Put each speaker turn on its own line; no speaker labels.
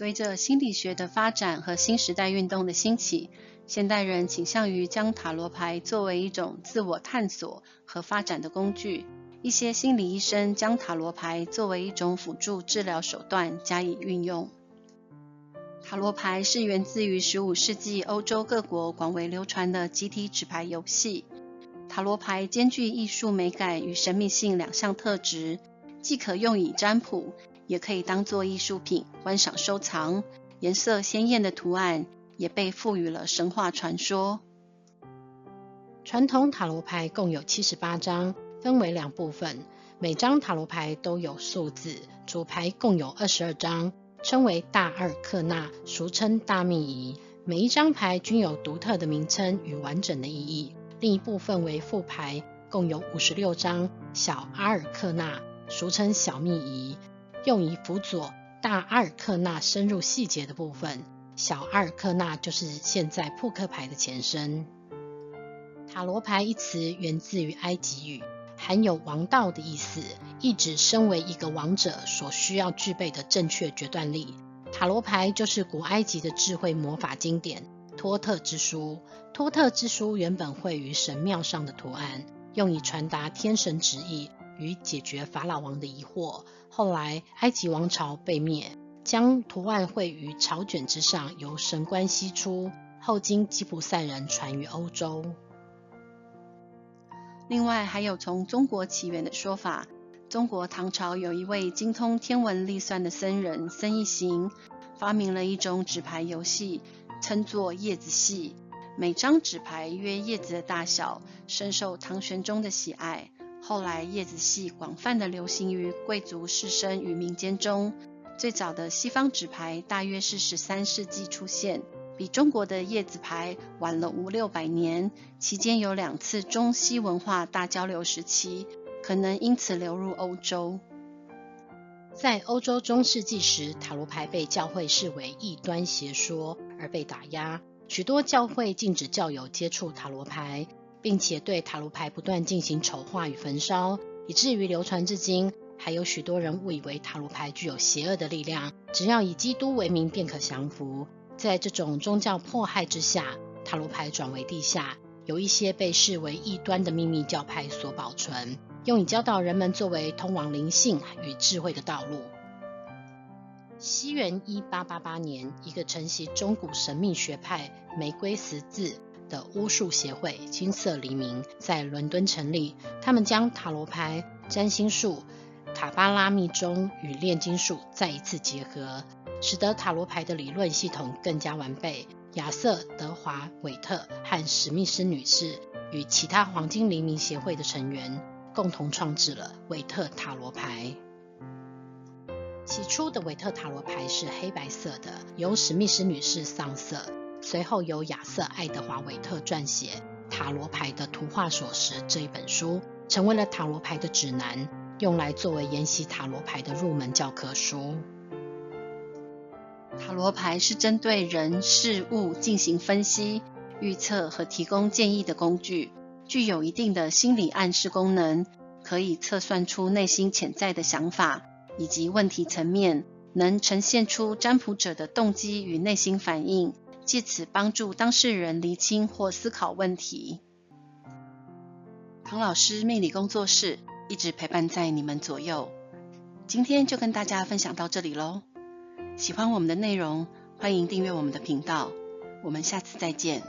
隨着心理學的發展和新時代運動的興起，現代人傾向於將塔羅牌作為一種自我探索和發展的工具。一些心理醫生將塔羅牌作為一種輔助治療手段加以運用。塔羅牌是源自於十五世紀歐洲各國廣為流傳的集體紙牌遊戲。塔羅牌兼具藝術美感與神秘性兩項特質，既可用以占卜。也可以當作藝術品觀賞、收藏。顏色鮮豔的圖案也被賦予了神話傳說。
傳統塔羅牌共有七十八張，分為兩部分。每張塔羅牌都有數字。主牌共有二十二張，稱為大阿爾克納，俗稱大秘儀。每一張牌均有獨特的名稱與完整的意義。另一部分為副牌，共有五十六張，小阿爾克納，俗稱小秘儀。用以輔佐大阿爾克納深入細節的部分，小阿爾克納就是現在撲克牌的前身。塔羅牌一詞源自於埃及語，含有王道的意思，意指身為一個王者所需要具備的正確決斷力。塔羅牌就是古埃及的智慧魔法經典《托特之書》。托特之書原本繪於神廟上的圖案，用以傳達天神旨意，與解決法老王的疑惑。後來埃及王朝被滅，將圖案繪於草卷之上，由神官吸出，後經吉普賽人傳於歐洲。
另外，還有從中國起源的說法：中國唐朝有一位精通天文曆算的僧人僧一行，發明了一種紙牌遊戲，稱作葉子戲，每張紙牌約葉子的大小，深受唐玄宗的喜愛。後來，葉子戲廣泛的流行於貴族士紳與民間中。最早的西方紙牌大約是十三世紀出現，比中國的葉子牌晚了五六百年。期間有兩次中西文化大交流時期，可能因此流入歐洲。
在歐洲中世紀時，塔羅牌被教會視為異端邪說而被打壓，許多教會禁止教友接觸塔羅牌。並且對塔羅牌不斷進行醜化與焚燒，以至於流傳至今，還有許多人誤以為塔羅牌具有邪惡的力量，只要以基督為名便可降服。在這種宗教迫害之下，塔羅牌轉為地下，由一些被視為異端的秘密教派所保存，用以教導人們作為通往靈性與智慧的道路。西元一八八八年，一個承襲中古神秘學派玫瑰十字的巫術協會“金色黎明”在倫敦成立，他們將塔羅牌、占星術、卡巴拉密宗與煉金術再一次結合，使得塔羅牌的理論系統更加完備。亞瑟·德華·韋特和史密斯女士與其他“黃金黎明”協會的成員共同創制了韋特塔羅牌。起初的韋特塔羅牌是黑白色的，由史密斯女士上色。隨後由亞瑟·愛德華·韋特撰寫《塔羅牌的圖畫鑰匙》這一本書，成為了塔羅牌的指南，用來作為研習塔羅牌的入門教科書。塔羅牌
是針對人事物進行分析、預測和提供建議的工具，具有一定的心理暗示功能，可以測算出內心潛在的想法以及問題層面，能呈現出占卜者的動機與內心反應。借此幫助當事人釐清或思考問題。唐老師命理工作室一直陪伴在你們左右。今天就跟大家分享到這裡嘍。喜歡我們的內容，歡迎訂閱我們的頻道。我們下次再見。